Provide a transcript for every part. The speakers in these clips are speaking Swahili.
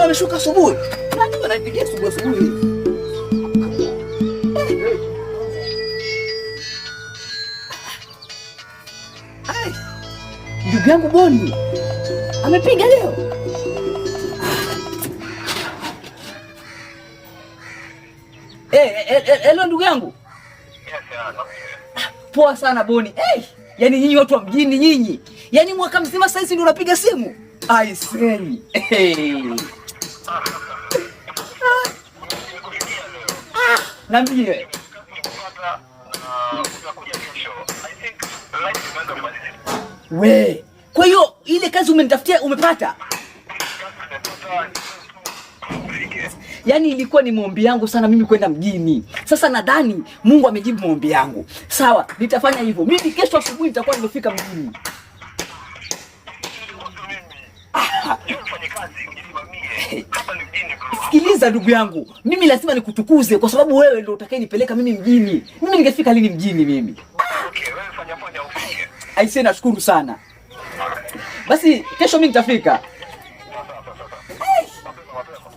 Huyu ameshuka asubuhi. Najua napigia asubuhi asubuhi. Ndugu yangu Boni. Amepiga leo. Eh, hello ndugu yangu. Poa sana Boni. Eh, yani nyinyi watu wa mjini nyinyi. yani mwaka mzima sasa hivi ndio unapiga simu. Aiseni. Hey. Nambie we, kwa hiyo ile kazi umenitafutia umepata? Yaani ilikuwa ni maombi yangu sana mimi kwenda mjini. Sasa nadhani Mungu amejibu maombi yangu. Sawa, nitafanya hivyo. Mimi kesho asubuhi nitakuwa nimefika mjini. Ah. Sikiliza ndugu yangu, mimi lazima nikutukuze kwa sababu wewe ndio utakayenipeleka mimi mjini. Mimi ningefika lini mjini mimi? Okay, wewe fanya fanya Aisee, nashukuru sana. Basi kesho mimi nitafika.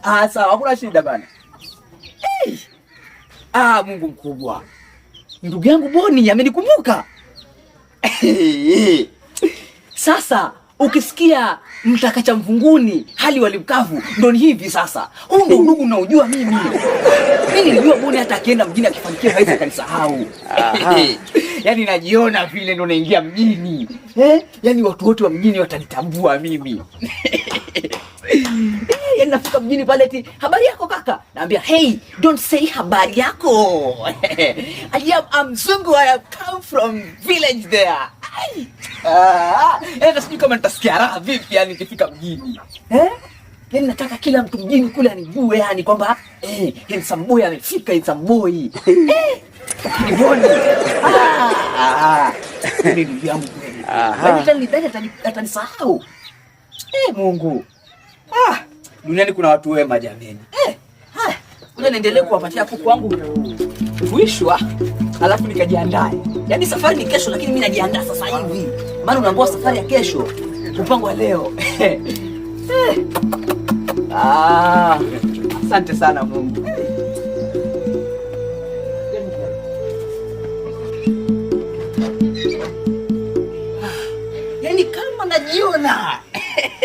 Ah, sawa, hakuna shida bana. Ah, Mungu mkubwa. Ndugu yangu Boni amenikumbuka. Sasa Ukisikia mtakacha mvunguni hali walimkavu, ndo ni hivi sasa. Huu ndo udugu naojua mimi. Mimi nilijua Boni hata akienda mjini akifanikiwa hawezi akanisahau. Yaani najiona vile ndo naingia mjini eh? Yaani watu wote wa mjini watanitambua mimi eh, yaani nafika mjini pale ti habari yako kaka, naambia hey, don't say habari yako I am mzungu, I have come from village there eh, sijui kama nitasikiara vipi, yani nikifika mjini eh? Yani nataka kila mtu mjini kule anijue, yani kwamba eh, handsome yaani boy amefika, handsome yaani boy eh, Ni Ah. ah, ah. ni yaani ndugu yangu Aha. kweli, hata nidhani atanisahau eh. Mungu ah, duniani kuna watu wema jameni eh. Haya, ah. kuna niendelee kuwapatia kuku wangu kuishwa, alafu nikajiandae. Yaani safari ni kesho, lakini mimi najiandaa sasa hivi maana unaambiwa safari ya kesho kupangwa leo. Eh. Ah, asante sana Mungu. Yaani kama najiona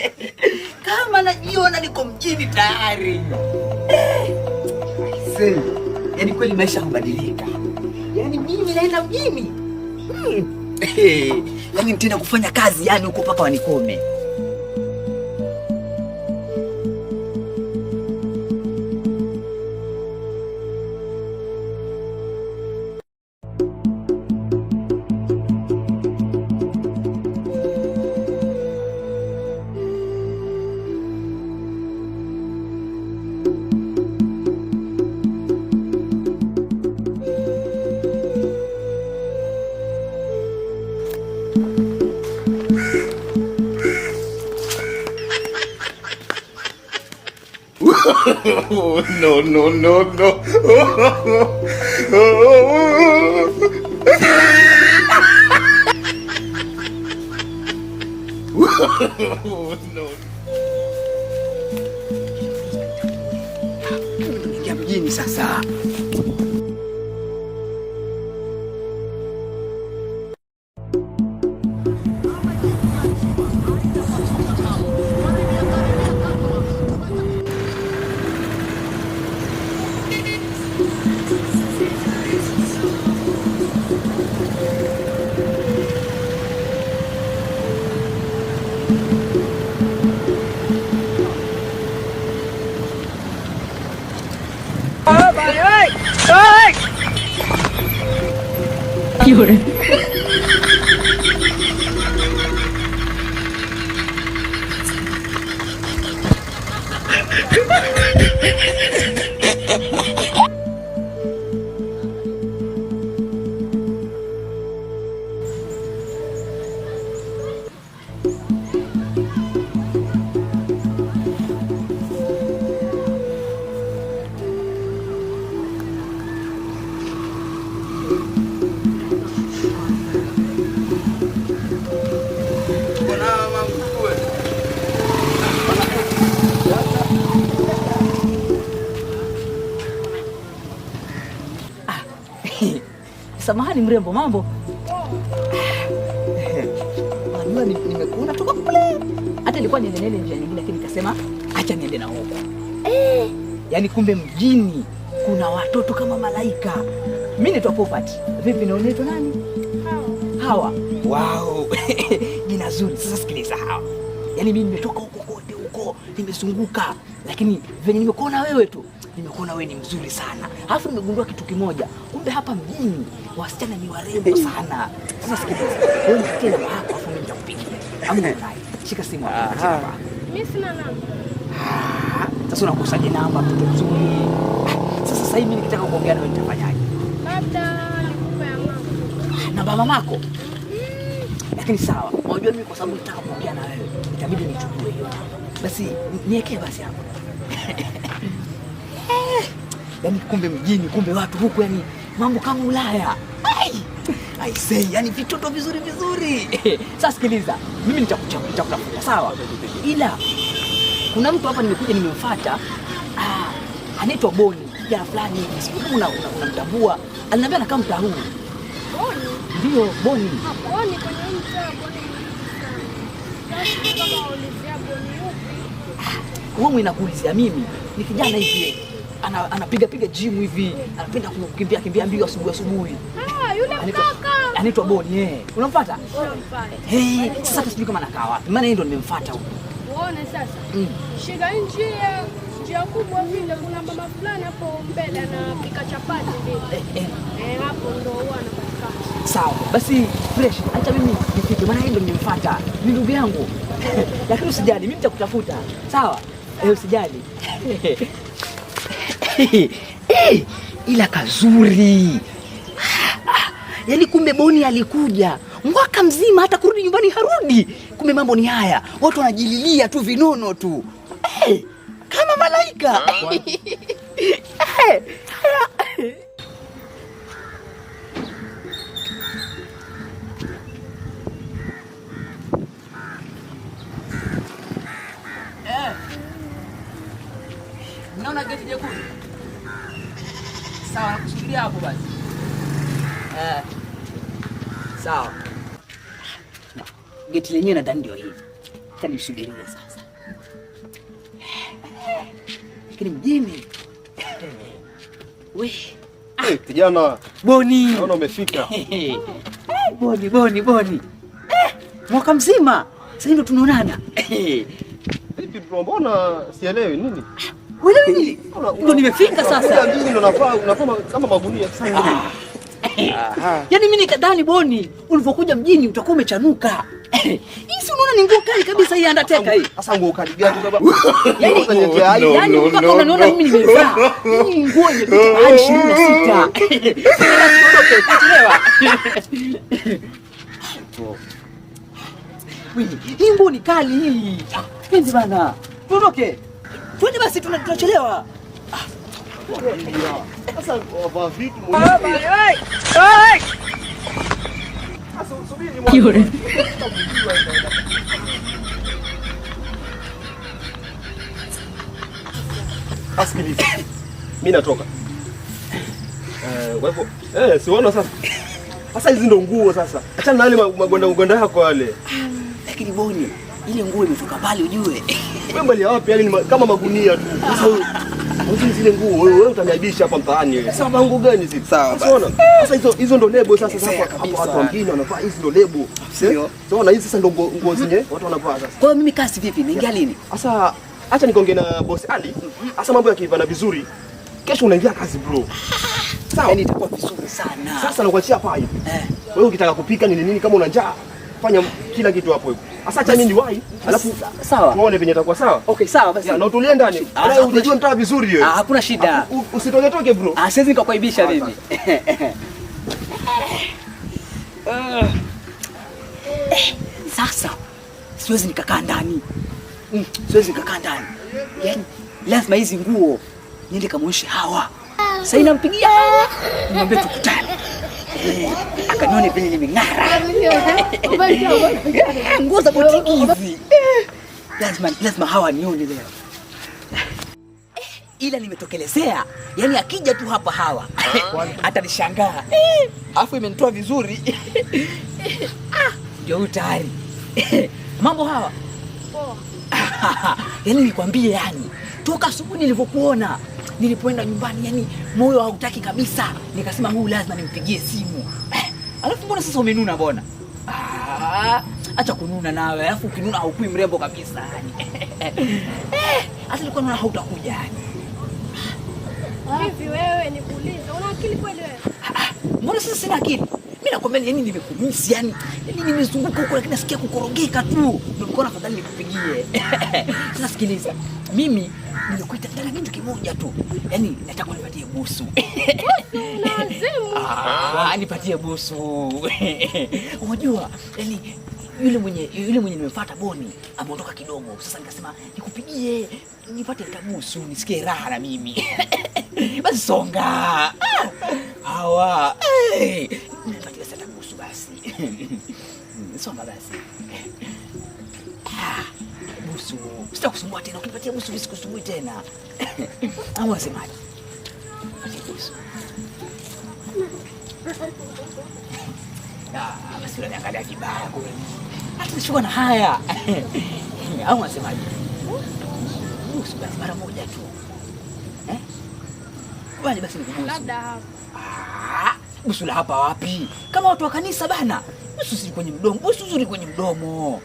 kama najiona niko mjini tayari. Yaani kweli maisha hubadilika. Yaani mimi naenda mjini. Hmm. Eh yani nitaenda kufanya kazi yani huko mpaka wanikome. no no no no ยับยินซะซา有人。samahani mrembo, mambo najua nimekuona toka kule, hata ilikuwa niende nende njia nyingine, lakini nikasema acha niende na huko eh. Yaani kumbe mjini kuna watoto kama malaika. mi naitwa Popati, vipi na nani? Hawa. Wow, jina zuri. Sasa sikiliza Hawa, yaani mimi nimetoka huko kote huko, nimezunguka, lakini venye nimekuona wewe tu nimekuona wewe ni mzuri sana Alafu nimegundua kitu kimoja, kumbe hapa mjini wasichana ni warembo eh. sana. Sasa sikiliza, wewe mfikie namba yako, alafu mimi nitakupigia ama Shika simu hapa, shika hapa. Mimi sina namba. Ah, sasa unakusaje namba, mtoto mzuri? Ah, sasa sasa hivi nikitaka kuongea na wewe nitafanyaje? Labda nikupe ya mama. Namba mamako? Lakini sawa, unajua mimi kwa sababu nitaka kuongea na wewe, itabidi nichukue hiyo namba. Basi niwekee basi hapo. yani kumbe mjini, kumbe watu huku, yani mambo kama Ulaya. I say, yani vitoto vizuri vizuri. Sasa sikiliza, mimi nitakutafuta sawa, ila kuna mtu hapa nimekuja nimemfuata, ah, anaitwa Boni, kijana fulani hivi, sijui kama unamtambua. Aliniambia anakaa mtaa huu. Ndio, Boni. Ah, ah, wewe unakuulizia mimi, ni kijana hivi ana, anapiga piga gym hivi, anapenda kukimbia kimbia mbio asubuhi asubuhi. Ah, anaitwa Boni eh, unampata? Hey, sasa kama anakaa wapi, maana yeye ndo nimemfuata huko. Uone sasa mm. shida nje ya njia kubwa vile, kuna mama fulani hapo mbele anapika chapati vile eh, eh. eh hapo ndo huwa anapatikana. Sawa basi, fresh, acha mimi nifike, maana yeye ndo nimemfuata, ni ndugu yangu lakini usijali, mimi nitakutafuta sawa. Eh, usijali hey, ila kazuri yaani kumbe Boni alikuja mwaka mzima, hata kurudi nyumbani harudi. Kumbe mambo ni haya, watu wanajililia tu vinono tu hey, kama malaika não, não, não sawa, nakushikilia hapo basi eh. Sawa, geti lenyewe nadhani ndio hili, acha nimsubirie sasa, lakini mjini we ah. eh, kijana Boni, naona umefika Boni, Boni, Boni, eh, mwaka mzima sasa ndio tunaonana. Vipi mbona sielewi nini? Ah, ndio nimefika sasa. Yaani mimi nikadhani Boni ulivyokuja mjini utakuwa umechanuka. Hii si unaona ni nguo kali kabisa hii Undertaker hii. Sasa nguo kali gani baba? Yaani mpaka unaniona mimi nimevaa. Hii nguo yenye vitambaa ishirini na sita. Hii nguo ni kali hii. Twende bana. Tuondoke. Twende basi tunachelewa. Sasa Mimi natoka. Eh, wewe eh, sasa? Sasa hizi ndo nguo sasa. Achana na wale magonda magonda yako wale. Lakini boni ile nguo imetoka pale ujue. Wewe mbali wapi? Yaani kama magunia tu. Sasa wewe zile nguo wewe utaniaibisha hapa mtaani wewe. Sasa bangu gani zile? Sawa. Unaona? Sasa hizo hizo ndo lebo sasa sasa kabisa. watu wengine wanavaa hizo ndo lebo. Sio? Unaona hizi sasa ndo nguo zenye mm-hmm. watu wanavaa sasa. Kwa hiyo mimi kasi vipi? Naingia lini? Sasa acha nikonge na boss Ali. Sasa mambo yakivana vizuri. Kesho unaingia kazi bro. Sawa. Yaani itakuwa vizuri sana. Sasa nakuachia hapa hivi. Eh. Wewe ukitaka kupika nini nini kama una njaa fanya kila kitu hapo hivi. Sasa acha mimi niwahi, alafu sawa. Tuone venye itakuwa sawa. Okay, sawa basi. Na utulie ndani. Wewe unajua mtaa vizuri wewe. Ah, hakuna shida. Ah, usitoke toke bro. Ah, siwezi nikakuaibisha ah, mimi. Sasa siwezi nikakaa ndani. Mm, siwezi nikakaa ndani. Yaani lazima hizi nguo niende kamuoneshe hawa. Sasa inampigia. Niambie tukutane. Eh, akanione vile nimeng'ara, nguo za hizi, eh, lazima lazima hawa nione leo, eh, ila nimetokelezea. Yani akija tu hapa hawa atanishangaa, afu imenitoa vizuri ah, ndio huyu tayari. Mambo hawa, oh. yani nikwambie, yani toka asubuhi nilivyokuona nilipoenda nyumbani, yani moyo hautaki kabisa, nikasema huyu lazima nimpigie simu eh. Alafu mbona sasa umenuna bwana? Ah, kununa nawe, alafu ukinuna haukui mrembo kabisa yani eh, hata nilikuwa naona hautakuja yani. Hivi wewe nikuulize, una akili kweli wewe? Ah, mbona sasa sina akili mimi nakwambia, yani nimekumusi, yani yani nimezunguka huko, lakini nasikia kukorogeka tu. Nilikuwa afadhali nikupigie. Sasa sikiliza, mimi nimekuita tena kitu kimoja tu, yani nataka unipatie busu. Ah, nipatie busu. Unajua yani yule mwenye yule mwenye nimemfuata Boni ameondoka kidogo. Sasa nikasema nikupigie nipate kabusu nisikie raha na mimi basi. Songa ah, hawa hey. Eh, Soma basi. Ah, busu, sitakusumbua tena. Ukipatia busu visikusumbui tena. Au wasemaje? Ah, basi unaniangalia vibaya kweli. Hata na haya. Au wasemaje? Busu basi mara moja tu. Eh? Bali basi nikubusu. Labda hapo. Ah busu la hapa wapi? Kama watu wa kanisa bana, busu zuri kwenye mdomo, busu zuri kwenye mdomo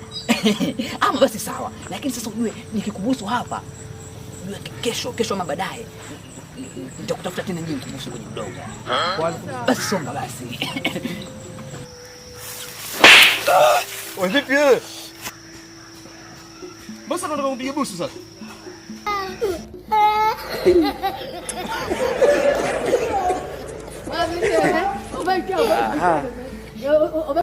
ama basi sawa, lakini sasa ujue nikikubusu hapa, ujue kesho kesho ama baadaye nitakutafuta tena nyingi kubusu kwenye mdomo. Basi songa basi. Wewe vipi wewe? Basi nataka kumpige busu sasa. হ্যাঁ